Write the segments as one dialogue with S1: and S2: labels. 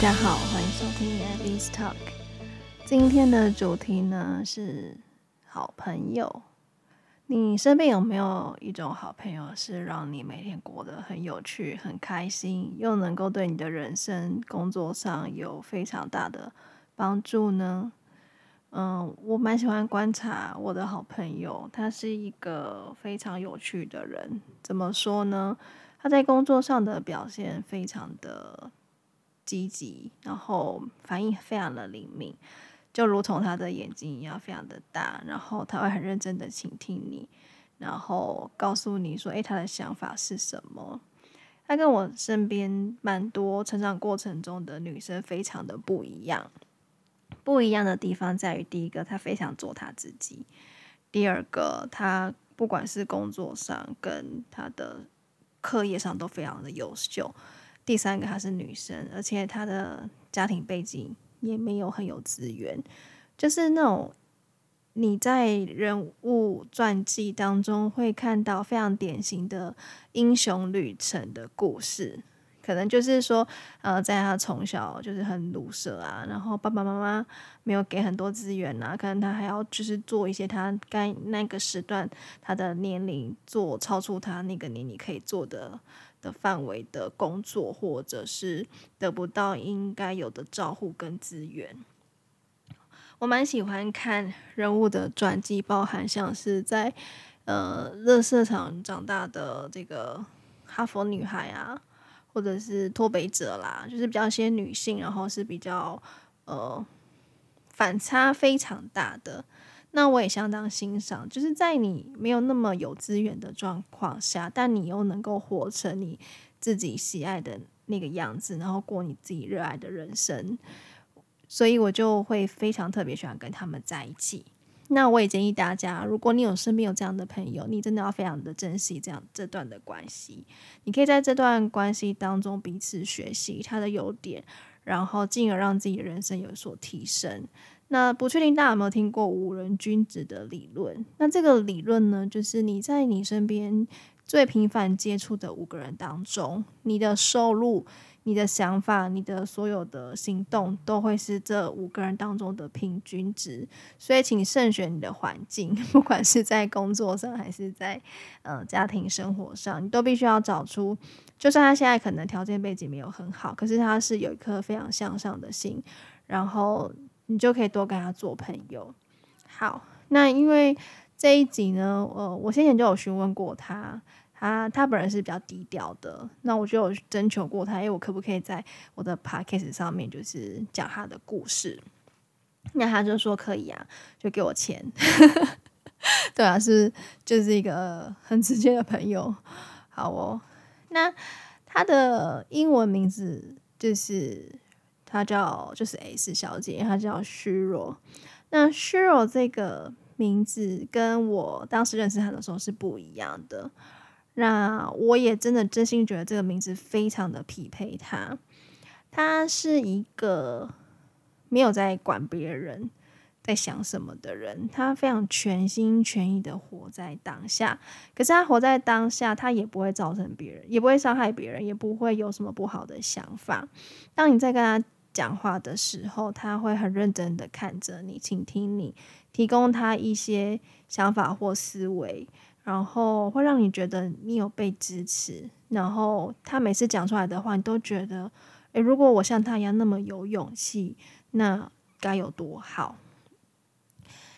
S1: 大家好，歡迎收聽 Abby's Talk。今天的主題呢是好朋友。你身邊有沒有一種好朋友，是讓你每天過得很有趣、很開心，又能夠對你的人生、工作上有非常大的幫助呢？嗯，我蠻喜歡觀察我的好朋友，他是一個非常有趣的人。怎麼說呢？他在工作上的表現非常的積極，然後反應非常的靈敏，就如同他的眼睛一樣，非常的大。然後他會很認真的傾聽你，然後告訴你說：“誒，他的想法是什麼？”他跟我身邊蠻多成長過程中的女生非常的不一樣。不一樣的地方在於，第一個，他非常做他自己；第二個，他不管是工作上跟他的課業上都非常的優秀。第三個，她是女生，而且她的家庭背景也沒有很有資源，就是那種你在人物傳記當中會看到非常典型的英雄旅程的故事，可能就是說，呃，在她從小就是很魯蛇啊，然後爸爸媽媽沒有給很多資源啊，可能她還要就是做一些她該那個時段她的年齡做超出她那個年齡可以做的。範圍的工作，或者是得不到應該有的照顧跟資源。我蠻喜歡看人物的傳記，包含像是在呃垃圾場長大的這個哈佛女孩啊，或者是脫北者啦，就是比較一些女性，然後是比較呃反差非常大的。那我也相當欣賞，就是在你沒有那麼有資源的狀況下，但你又能夠活成你自己喜愛的那個樣子，然後過你自己熱愛的人生。所以我就會非常特別喜歡跟他們在一起。那我也建議大家，如果你有身邊有這樣的朋友，你真的要非常的珍惜這樣這段的關係。你可以在這段關係當中彼此學習他的優點，然後進而讓自己的人生有所提升。那不確定大家有沒有聽過五人均值的理論？那這個理論呢，就是你在你身邊最頻繁接觸的五個人當中，你的收入、你的想法、你的所有的行動，都會是這五個人當中的平均值。所以，請慎選你的環境，不管是在工作上還是在呃家庭生活上，你都必須要找出，就算他現在可能條件背景沒有很好，可是他是有一顆非常向上的心，然後。你就可以多跟他做朋友。好，那因為這一集呢，呃，我先前就有詢問過他，他他本人是比較低調的。那我就有徵求過他，誒,我可不可以在我的 podcast 上面就是講他的故事？那他就說可以啊，就給我錢。 對啊，是就是一個很直接的朋友。好哦，那他的英文名字就是。她叫就是 S 小姐，她叫 Shero。那 “Shero” 這個名字跟我當時認識她的時候是不一樣的。那我也真的真心覺得這個名字非常的匹配她。她是一個沒有在管別人在想什麼的人，她非常全心全意的活在當下。可是她活在當下，她也不會造成別人，也不會傷害別人，也不會有什麼不好的想法。當你在跟她。講話的時候，他會很認真的看着你，傾聽你，提供他一些想法或思維，然後會讓你覺得你有被支持。然後他每次講出來的話，你都覺得，誒，如果我像他一樣那麼有勇氣，那該有多好。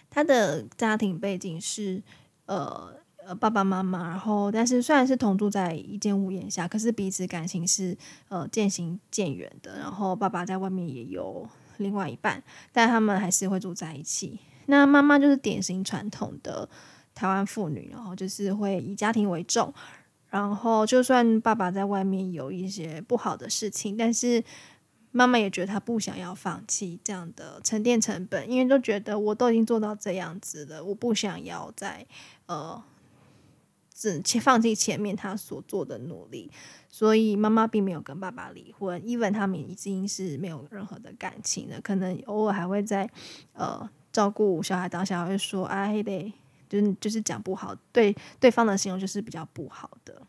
S1: 他的家庭背景是，呃。爸爸媽媽，然後但是雖然是同住在一間屋檐下，可是彼此感情是呃漸行漸遠的。然後爸爸在外面也有另外一半，但他們還是會住在一起。那媽媽就是典型傳統的台灣婦女，然後就是會以家庭為重。然後就算爸爸在外面有一些不好的事情，但是媽媽也覺得她不想要放棄這樣的沉澱成本，因為都覺得我都已經做到這樣子了，我不想要再呃。只放棄前面他所做的努力，所以媽媽並沒有跟爸爸離婚，即使他們已經是沒有任何的感情了，可能偶爾還會在呃照顧小孩當下會說啊，還得就是就是講不好對對方的形容就是比較不好的。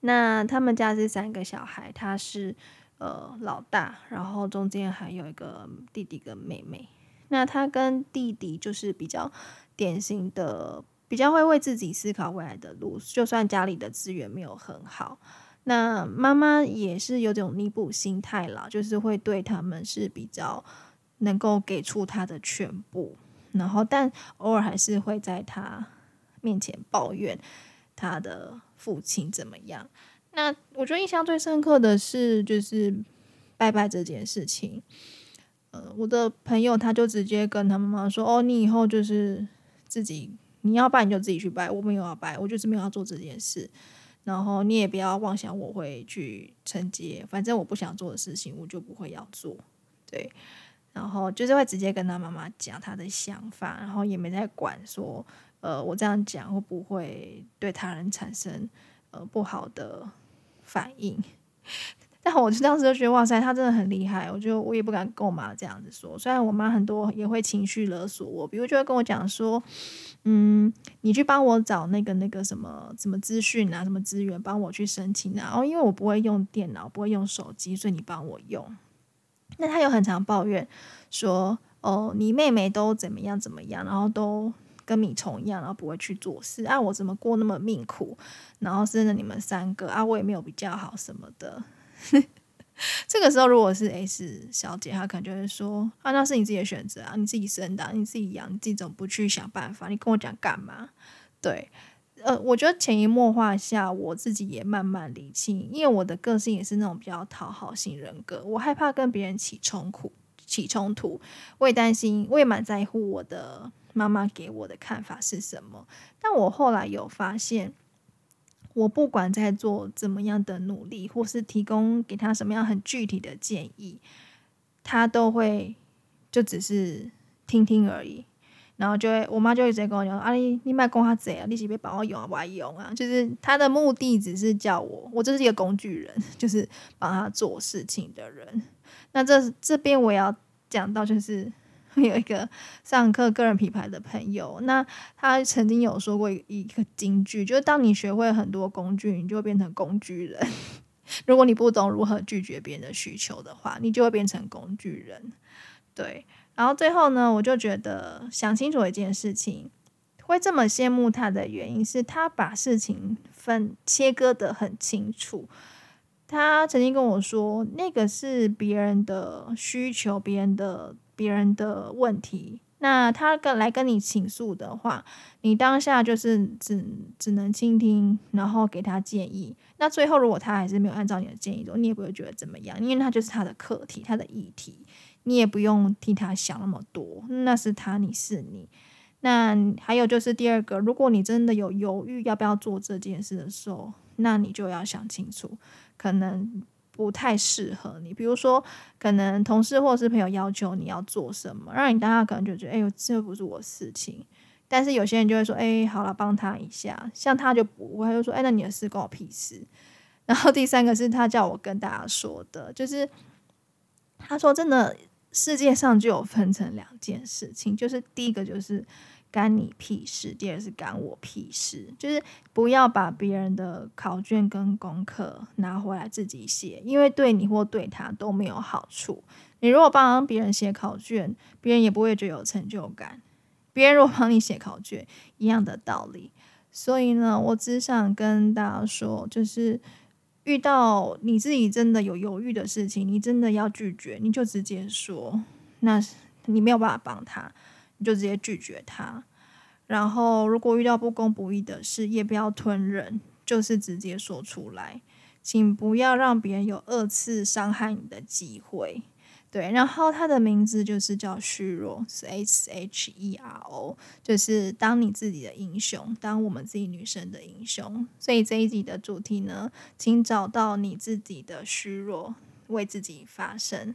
S1: 那他們家是三個小孩，他是呃老大，然後中間還有一個弟弟跟妹妹。那他跟弟弟就是比較典型的。比較會為自己思考未來的路，就算家裡的資源沒有很好，那媽媽也是有種彌補心態啦，就是會對他們是比較能夠給出他的全部，然後但偶爾還是會在他面前抱怨他的父親怎麼樣。那我覺得印象最深刻的是就是拜拜這件事情。呃，我的朋友他就直接跟他媽媽說：“哦，你以後就是自己。”你要拜，你就自己去拜，我沒有要拜，我就是沒有要做這件事。然後你也不要妄想我會去承接，反正我不想做的事情，我就不會要做。對，然後就是會直接跟他媽媽講他的想法，然後也沒在管說，呃，我這樣講會不會對他人產生呃不好的反應？但我就當時就覺得，哇塞，他真的很厲害，我就我也不敢跟我媽這樣子說。雖然我媽很多也會情緒勒索我，比如就會跟我講說。嗯，你去幫我找那個那個什麼什麼資訊啊，什麼資源，幫我去申請啊。然後因為我不會用電腦，不會用手機，所以你幫我用。那他有很常抱怨說，哦，你妹妹都怎麼樣怎麼樣，然後都跟米蟲一樣，然後不會去做事，啊，我怎麼過那麼命苦？然後生了你們三個啊，我也沒有比較好什麼的。 這個時候，如果是 S 小姐，她可能就會說：“啊，那是你自己的選擇啊，你自己生的啊，你自己養，你自己怎麼不去想辦法？你跟我講幹嘛？”對，呃，我覺得潛移默化下，我自己也慢慢理清，因為我的個性也是那種比較討好型人格，我害怕跟別人起衝突，起衝突，我也擔心，我也蠻在乎我的媽媽給我的看法是什麼。但我後來有發現。我不管在做怎麼樣的努力，或是提供給他什麼樣很具體的建議，他都會就只是聽聽而已，然後就會，我媽就一直跟我講：“啊你，你你賣公他賊啊，利息別把我用啊，別用啊！”就是他的目的只是叫我，我這是一個工具人，就是幫他做事情的人。那這這邊我也要講到就是。 有一個上課個人品牌的朋友，那他曾經有說過一個，一個金句，就是當你學會很多工具，你就會變成工具人。 如果你不懂如何拒絕別人的需求的話，你就會變成工具人。對，然後最後呢，我就覺得想清楚一件事情，會這麼羨慕他的原因是他把事情分切割得很清楚。他曾經跟我說，那個是別人的需求，別人的。別人的問題，那他跟來跟你傾訴的話，你當下就是只只能傾聽，然後給他建議。那最後如果他還是沒有按照你的建議做，你也不會覺得怎麼樣，因為他就是他的課題，他的議題，你也不用替他想那麼多，那是他，你是你。那還有就是第二個，如果你真的有猶豫要不要做這件事的時候，那你就要想清楚，可能。不太適合你，比如說，可能同事或者是朋友要求你要做什麼，讓你大家可能就覺得，哎呦，這不是我事情。但是有些人就會說，哎，好了，幫他一下。像他就不會，他就說，哎，那你的事關我屁事。然後第三個是他叫我跟大家說的，就是他說，真的世界上就有分成兩件事情，就是第一個就是。幹你屁事，第二是幹我屁事，就是不要把別人的考卷跟功課拿回來自己寫，因為對你或對他都沒有好處。你如果幫別人寫考卷，別人也不會覺得有成就感；別人如果幫你寫考卷，一樣的道理。所以呢，我只想跟大家說，就是遇到你自己真的有猶豫的事情，你真的要拒絕，你就直接說，那你沒有辦法幫他。你就直接拒絕他，然後如果遇到不公不義的事，也不要吞忍，就是直接說出來，請不要讓別人有二次傷害你的機會。對，然後他的名字就是叫 “Shero”，是、S、H、E、R、O，就是當你自己的英雄，當我們自己女生的英雄。所以這一集的主題呢，請找到你自己的 Shero，為自己發聲，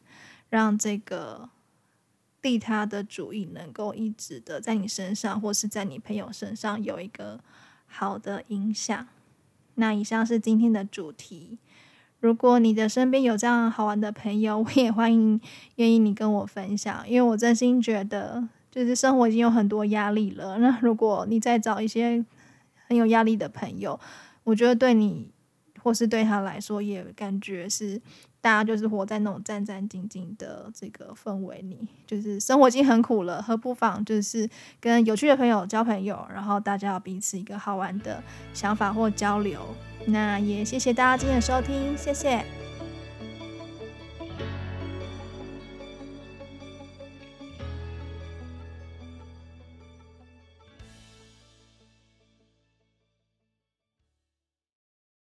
S1: 讓這個。利他的主意能夠一直的在你身上，或是在你朋友身上有一個好的影響。那以上是今天的主題。如果你的身邊有這樣好玩的朋友，我也歡迎願意你跟我分享，因為我真心覺得，就是生活已經有很多壓力了。那如果你再找一些很有壓力的朋友，我覺得對你或是對他來說，也感覺是。大家就是活在那種戰戰兢兢的這個氛圍裡，就是生活已經很苦了，何不妨就是跟有趣的朋友交朋友，然後大家有彼此一個好玩的想法或交流。那也謝謝大家今天的收聽，謝謝。